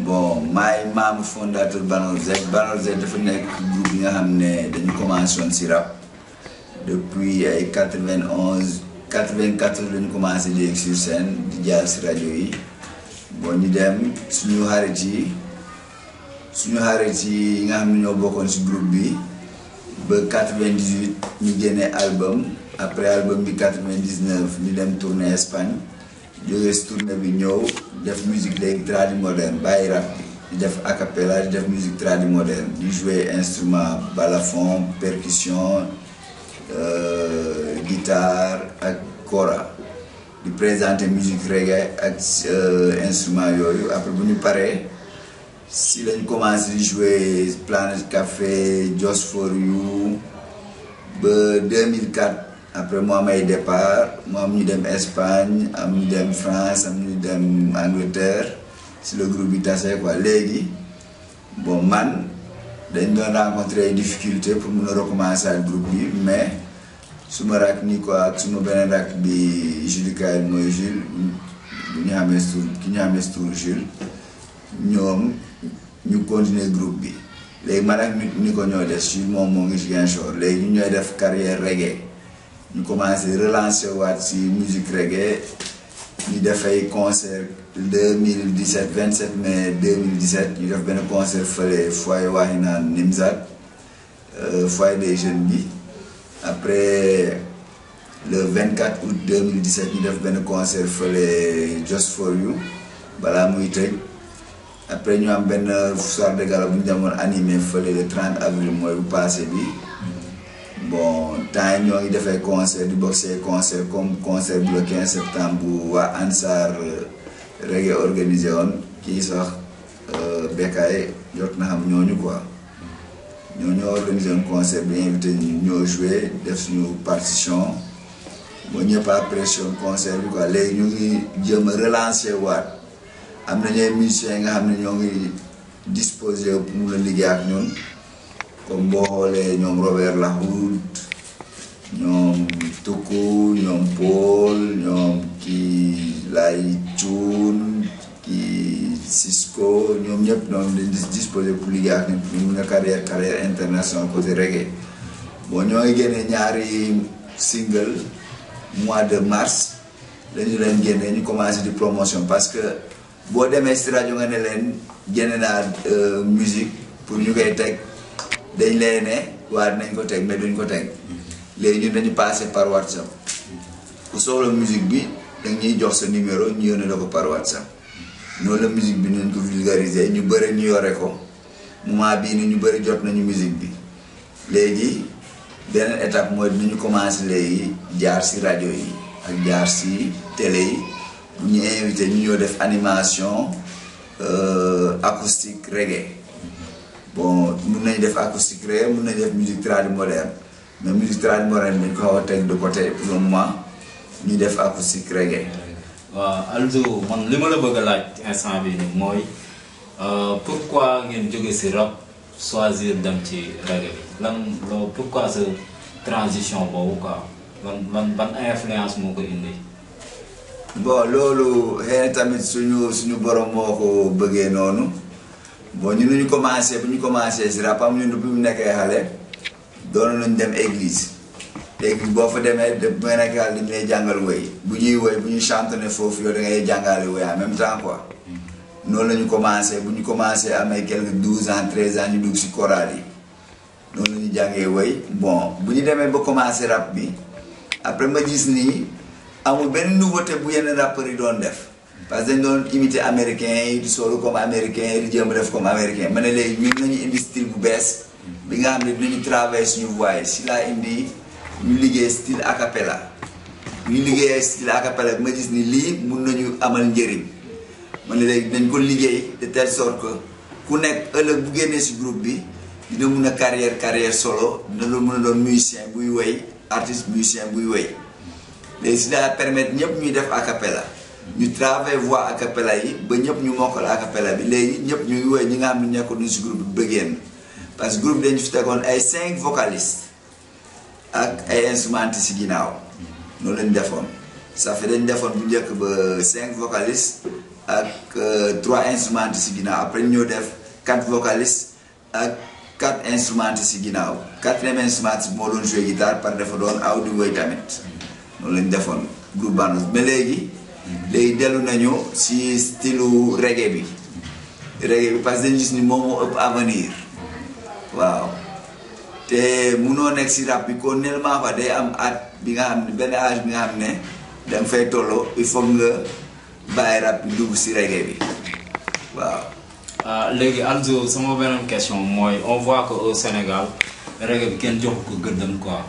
Bon, je suis fondateur de Banal Z. Banal Z est un groupe qui a commencé à rap. Depuis 1994, nous avons commencé à sur scène, de jazz radio. Bon, nous sommes venus à Haréti. Nous sommes venus à nous avons ce groupe. En 1998, nous avons des album. Après l'album de 1999, nous avons tourné en Espagne jógee si tournée bi ñëw def musique léegi moderne Baïra. rap def acapella di def musique tradi moderne Je joue instrument balafon percussion euh, guitare ak kora présente présenter musique reggae et euh, instrument yooyu après bu ñu si je commence à jouer Planet Café Just for You en 2004 après moi je départ je suis ñu Espagne am France am suis Angleterre si le groupe bi tase quoi Légui. bon man dañ rencontré des difficultés pour me recommencer le groupe mais je rak ni quoi ak suma beneen rak bi je groupe carrière reggae. Nous avons commencé relancer la musique reggae avons fait un concert 2017 27 mai 2017 Nous avons fait un concert le foyer Wahina Nimzat euh, foyer des jeunes après le 24 août 2017 nous avons fait un concert fële Just for You balaa muy après nous avons fait soir de galop. Nous avons animé le 30 avril le mois passé bon temps ñoo ngi defee concert di boxer concert comme concert bu le septembre bu waa Ansar euh, reggae organisé woon kii sax euh, Bekkaay jot na xam ñooñu quoi ñoo ñoo organisé woon concert bi invité ñu ñoo joué def suñu partition moo ñëpp apprécié concert bi quoi léegi ñu ngi jëm a relancer waat am na ñooy musiciens nga xam ne ñoo ngi disposé pour mu la liggéey ak ñun. comme boo xoolee ñoom Robert Lahoud Tuku ñoom Paul ñoom Ki, Lay Cuun ki Cisco ñoom ñëpp ñoom dañ di disposé pour liggéey ak nit ñu mun carrière carrière international côté reggae ñaari e single mois de mars lañu leen génne ñu commencé di promotion parce que boo demee si rajo nga ne leen génne naa euh, musique pour ñu dañ leen ne waa dinañ ko teg mais duñ ko teg léegi ñun dañu passé par whatsapp ku soxla musique bi danga ñuy jox sa numéro ñu yónnee la ko par whatsapp noonu la musique bi nañ ko vulgariser ñu bëri ñu yore ko moment bii ni ñu bëri jot nañu musique bi léegi beneen étape mooy dinañu commencé léegi jaar si rajo yi ak jaar si télé yi bu ñu invité ñu ñoo def animation euh, acoustique reggae bon mun nañ def acoustique rek mun nañ def musique tradi moderne mais musique tradi moderne dañ ko xaw a teg de côté pour le moment ñu def acoustique reggae. waaw Aldo li ma bëgg a laaj instant bi nii mooy euh, pourquoi ngeen jóge si rap choisir dem ci reggae bi lan loo pourquoi sa transition boobu quoi lan lan ban influence moo ko indi. bon loolu xëy tamit suñu suñu borom moo ko bëggee noonu. bon ñu nu ñu commencé bu ñu commencé si Rapam ñun bu mu nekkee xale doon nañ dem église te église boo fa demee de ba nga nekkee xale dañu jàngal woy bu ñuy woy bu ñu chantonné foofu yow da ngay jàngale woy en même temps quoi noonu la ñu commencé bu ñu commencé amee quelque douze ans treize ans ñu dugg si chorale yi noonu la ñu jàngee woy bon bu ñu demee ba commencé rap bi après ma gis nii amul benn nouveauté bu yenn rappeurs yi doon def. parce que dañ imité américain yi solo comme américain yi di def comme américain ma ne léegi ñun nañu indi style bu bees bi nga xam ne dinañu travailler suñu voix si indi ñu liggéey style a cappella ñu liggéeyee style a cappella bi ma gis ni lii mun nañu amal njëriñ ma ne léegi dañ ko liggéey de telle sorte que ku nekk ëllëg bu génnee si groupe bi dina mun a carrière carrière solo dina doon mun a doon musicien buy woy artiste musicien buy woy léegi si permettre ñëpp ñuy def a cappella ñu travail voix a cappella yi ba ñëpp ñu mokkal a cappella bi léegi ñëpp ñu ngi woy ñi nga xam ne nekkoon si groupe bi bëggeen parce que groupe dañu fi tegoon ay cinq vocalistes ak ay instrumentistes si ginnaaw noonu lañ defoon ça fait dañ defoon bu njëkk ba cinq vocalistes ak euh, trois instrumentistes si ginnaaw après ñoo def quatre vocalistes ak quatre instrumentistes si ginnaaw quatrième instrumentiste moo doon joué guitare par dafa doon aw di tamit noonu lañ defoon groupe bandos mais léegi léegi dellu nañu si style reggae bi reggae bi parce que dañu gis ni moom moo ëpp avenir waaw te munoo nekk si rap bi kon fa day am at bi nga xam ne benn âge bi nga xam ne da nga fay tolloo il faut nga bàyyi rap dugg si reggae bi waaw. Ah, léegi Alzo sama beneen question mooy on voit que au Sénégal reggae bi kenn joxu ko gëddam quoi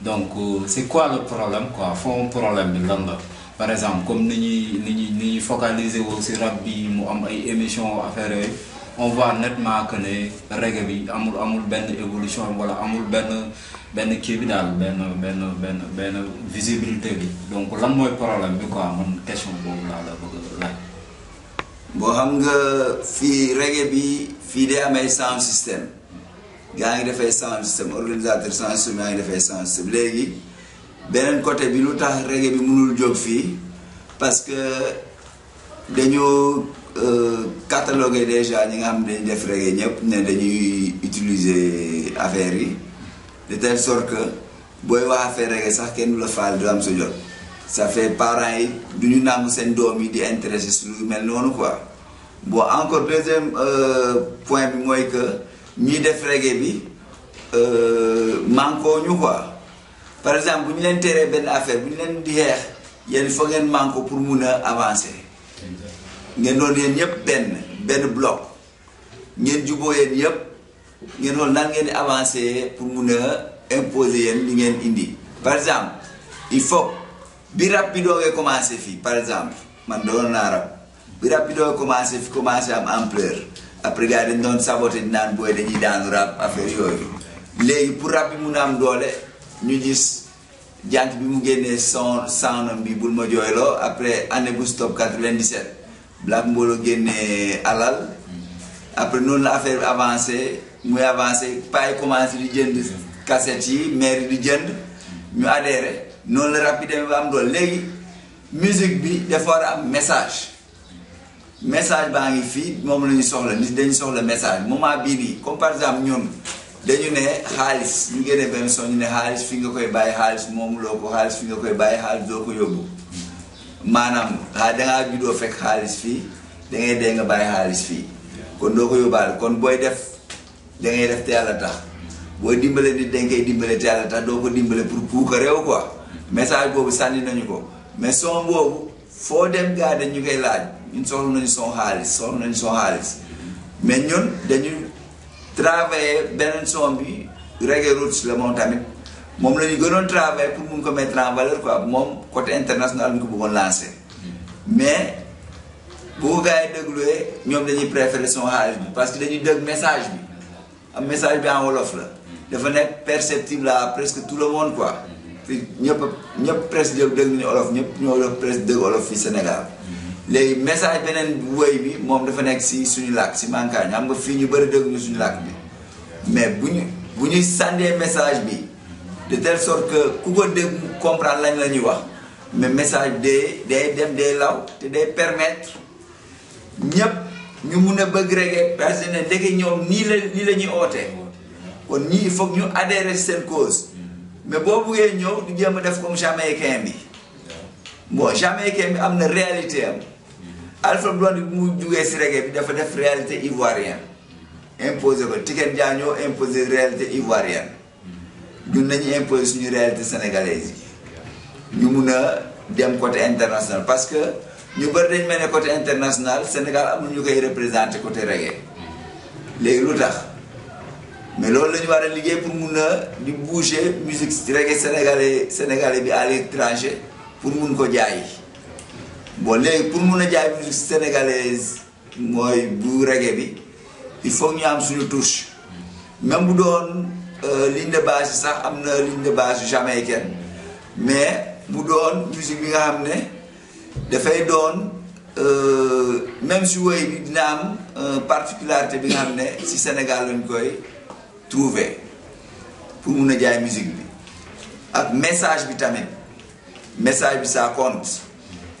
donc euh, c'est quoi le problème quoi fond problème bi lan la. par exemple comme ni ñuy ni ni focaliser wo ci rap bi mu am ay émissions affaire on voit nettement que né reggae bi amul amul ben évolution wala amul ben ben kii bi ben ben ben benn visibilité bi donc lan mooy problème bi quoi mon question boobu la la bëgg laaj. boo xam nga fi reggae bi fii day amay sound système gaa ngi defee sound système organisateur sound système gaa ngi defee sound système légui beneen côté bi lu tax reggae bi mënul jóg fii parce que dañoo euh, catalogué déjà ñi nga xam ne def reggae ñëpp ne dañuy utiliser affaire yi de telle sorte que booy wax affaire reggae sax kenn du la faal du am sa jot. ça fait parents yi du ñu nangu seen doom yi di intéressé su lu mel noonu quoi boo encore deuxième euh, point bi mooy que ñuy def reggae bi euh, manquoo ñu quoi. par exemple bu ñu leen teree benn affaire bu ñu leen di xeex yéen fa ngeen manko pour mun a avancé ngeen doon yéen ñëpp benn benn bloc ngeen juboo yéen yëpp ngeen xool nan ngeen di avancer pour mun a imposer yéen li ngeen indi par exemple il faut bi rab bi doogee commencé fii par exemple man doon naa rab bi rab bi doogee commencé fi commencé am ampleur après gars doon saboté naan booy dañuy daanu rab affaire yooyu léegi pour rab bi mun am doole ñu gis jant bi mu génnee son sanam bi bul ma jooyloo après année bu stop 97 Black Mbooloo génnee alal après noonu la affaire bi avancé muy avancé paa yi commencé di jënd kaset yi maire di jënd ñu adhéré noonu la rapide bi am doole léegi musique bi dafa am message message baa ngi fii moom la ñu soxla nit dañu soxla message moment bii nii comme par exemple ñun. dañu ne xaalis ñu génne benn son ñu ne xaalis fi nga koy bàyyi xaalis moom loo ko xaalis fi nga koy bàyyi xaalis doo ko yóbbu maanaam dangaa juddoo fekk xaalis fii da ngay nga bàyyi xaalis fii kon doo ko yóbbaale kon booy def da def te yàlla tax boo dimbale nit dañ koy dimbale te yàlla tax doo ko dimbale pour pour que réew quoi message boobu sànni nañu ko mais son boobu foo dem gaa dañ ñu koy laaj ñun soxla nañu son xaalis soxla nañu son xaalis mais ñun dañu travailler beneen son bi reggae roots la moom tamit mom lañu ñu gënoon travailler pour mën ko mettre en valeur quoi mom côté international ñu ko bëggoon lancer mais bu ko gars ñom dañuy préférer son xaalis parce que dañuy dégg message bi Un message bi en wolof la dafa nek perceptible à presque tout le monde quoi fi ñëpp ñëpp presque dégg nañu olof ñëpp ñoo presque dégg olof fii Sénégal léegi message beneen woy bi moom dafa nekk si suñu làkk si mankaañ xam nga fii ñu bëri dégg ñu suñu làkk bi mais bu ñu bu ñuy sàndee message bi de telle sorte que ku ko dégg comprendre lañ la ñuy wax mais message day day dem day law te day permettre ñépp ñu mun a bëgg reggae parce que ne ndeke ñoom nii la nii la ñuy ootee kon ñii il faut ñu adhérer seen cause mais boo buggee ñëw du jéem a def comme jamaïcain bi bon jamaïcain bi am na réalité am Alpha Blondy bi mu jugee si reggae bi dafa def réalité ivoirienne imposé ko Tiken Jah ñoo imposé réalité ivoirienne ñun nañu imposé suñu réalité sénégalaise yi ñu mun a dem côté international parce que ñu bëri dañ mel ne côté international Sénégal am amul ñu koy représenté côté reggae léegi lu tax mais loolu lañu war a liggéey pour mun a di bouger musique reggae sénégalais sénégalais bi à l'étranger pour mun ko jaayi. boo léegi pour mun a jaay musique sénégalaise mooy bu reggae bi il faut ñu am suñu touche même bu doon euh, ligne de base sax am na ligne de base mais bu doon musique bi nga xam ne dafay doon euh, même si woy bi dina am euh, particularité bi nga xam ne si Sénégal lañ koy trouver pour mun a jaay musique bi ak message bi tamit message bi ça compte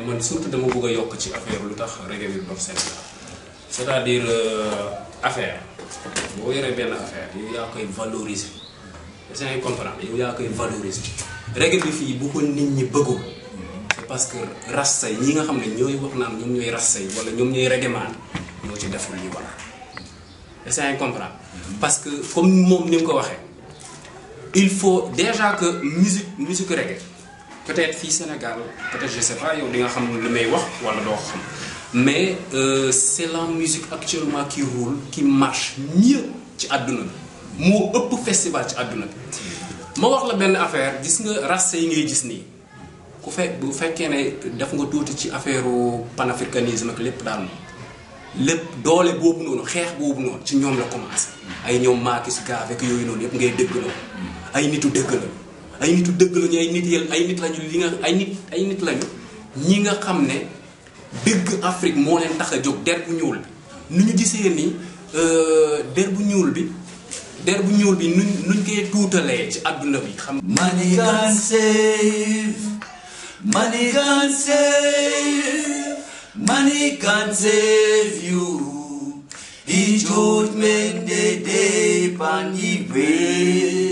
mais je surtout dama bëgg a ci affaire c'est-à-dire euh, affaire boo benn affaire yow yaa koy valoriser valoriser bu ko c'est parce que les yi nga xam ne ñooy wax naan ñoom ñooy rasta wala parce que comme moom ni mu il faut déjà que musique musique reggae peut-être fii Sénégal peut-être je sais pas yow di nga xam li may wax wala do xam mais euh, c'est la musique actuellement qui roule qui marche mieux ci aduna bi moo ëpp festival ci aduna bi ma wax la benn affaire gis nga rasse yi ngay gis nii ku fekk bu fekkee ne def nga tuuti ci affaire panafricanisme ak lépp daal lépp doole boobu noonu xeex boobu noonu ci ñoom la commencé ay ñoom Marcus Garvey avec yooyu noonu yëpp ngay dëgg la ay nitu dëgg la ay nitu dëgg lañu ay nit yel ay nit lañu li nga ay nit ay nit lañu ñi nga xam ne Afrique moo leen tax jóg der bu ñuul nu ñu gisee ni euh, der bu ñuul bi der bu ñuul bi nuñ koy tuutalee ci àdduna bi xam money can't save money can't save money can't save you He do me the day upon the way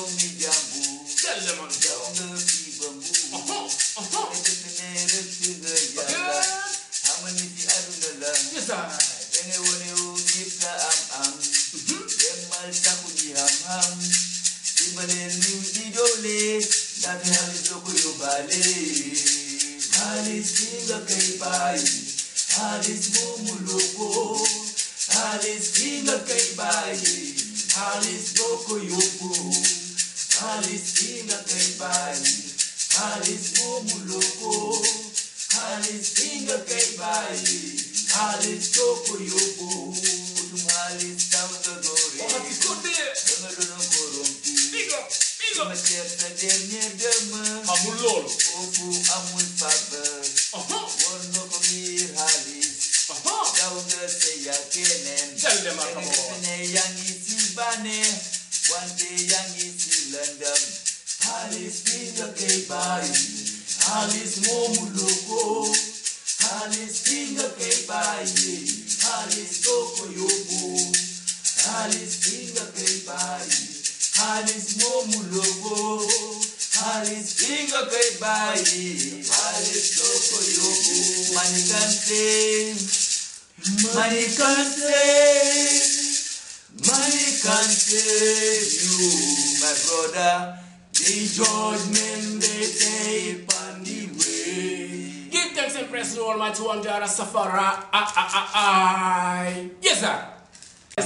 maneirinhos de Jolê, da terra de Tocuiubalê. Ales vinga quem vai, Ales mumulocô, Ales vinga quem vai, Ales Tocuiubu, Ales vinga quem vai, Ales mumulocô, Ales vinga quem vai, Ales Amulolo. báyìí wálé lóko yòókù. Money can save, money can save, money can save you, my brother. The judgment they take on the way. Give thanks and praise to Almighty One God, Safara. Ah, ah, ah, yes, sir.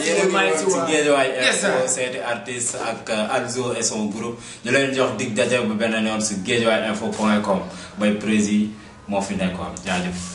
yéen a ngi ci Guédiawaye Infos seeti artiste ak euh, Alzo et son groupe ñu leen jox dig daje bu beneen yoon si Guédiawaye Infos point com bay prési moo fi nekkoon jaajëf.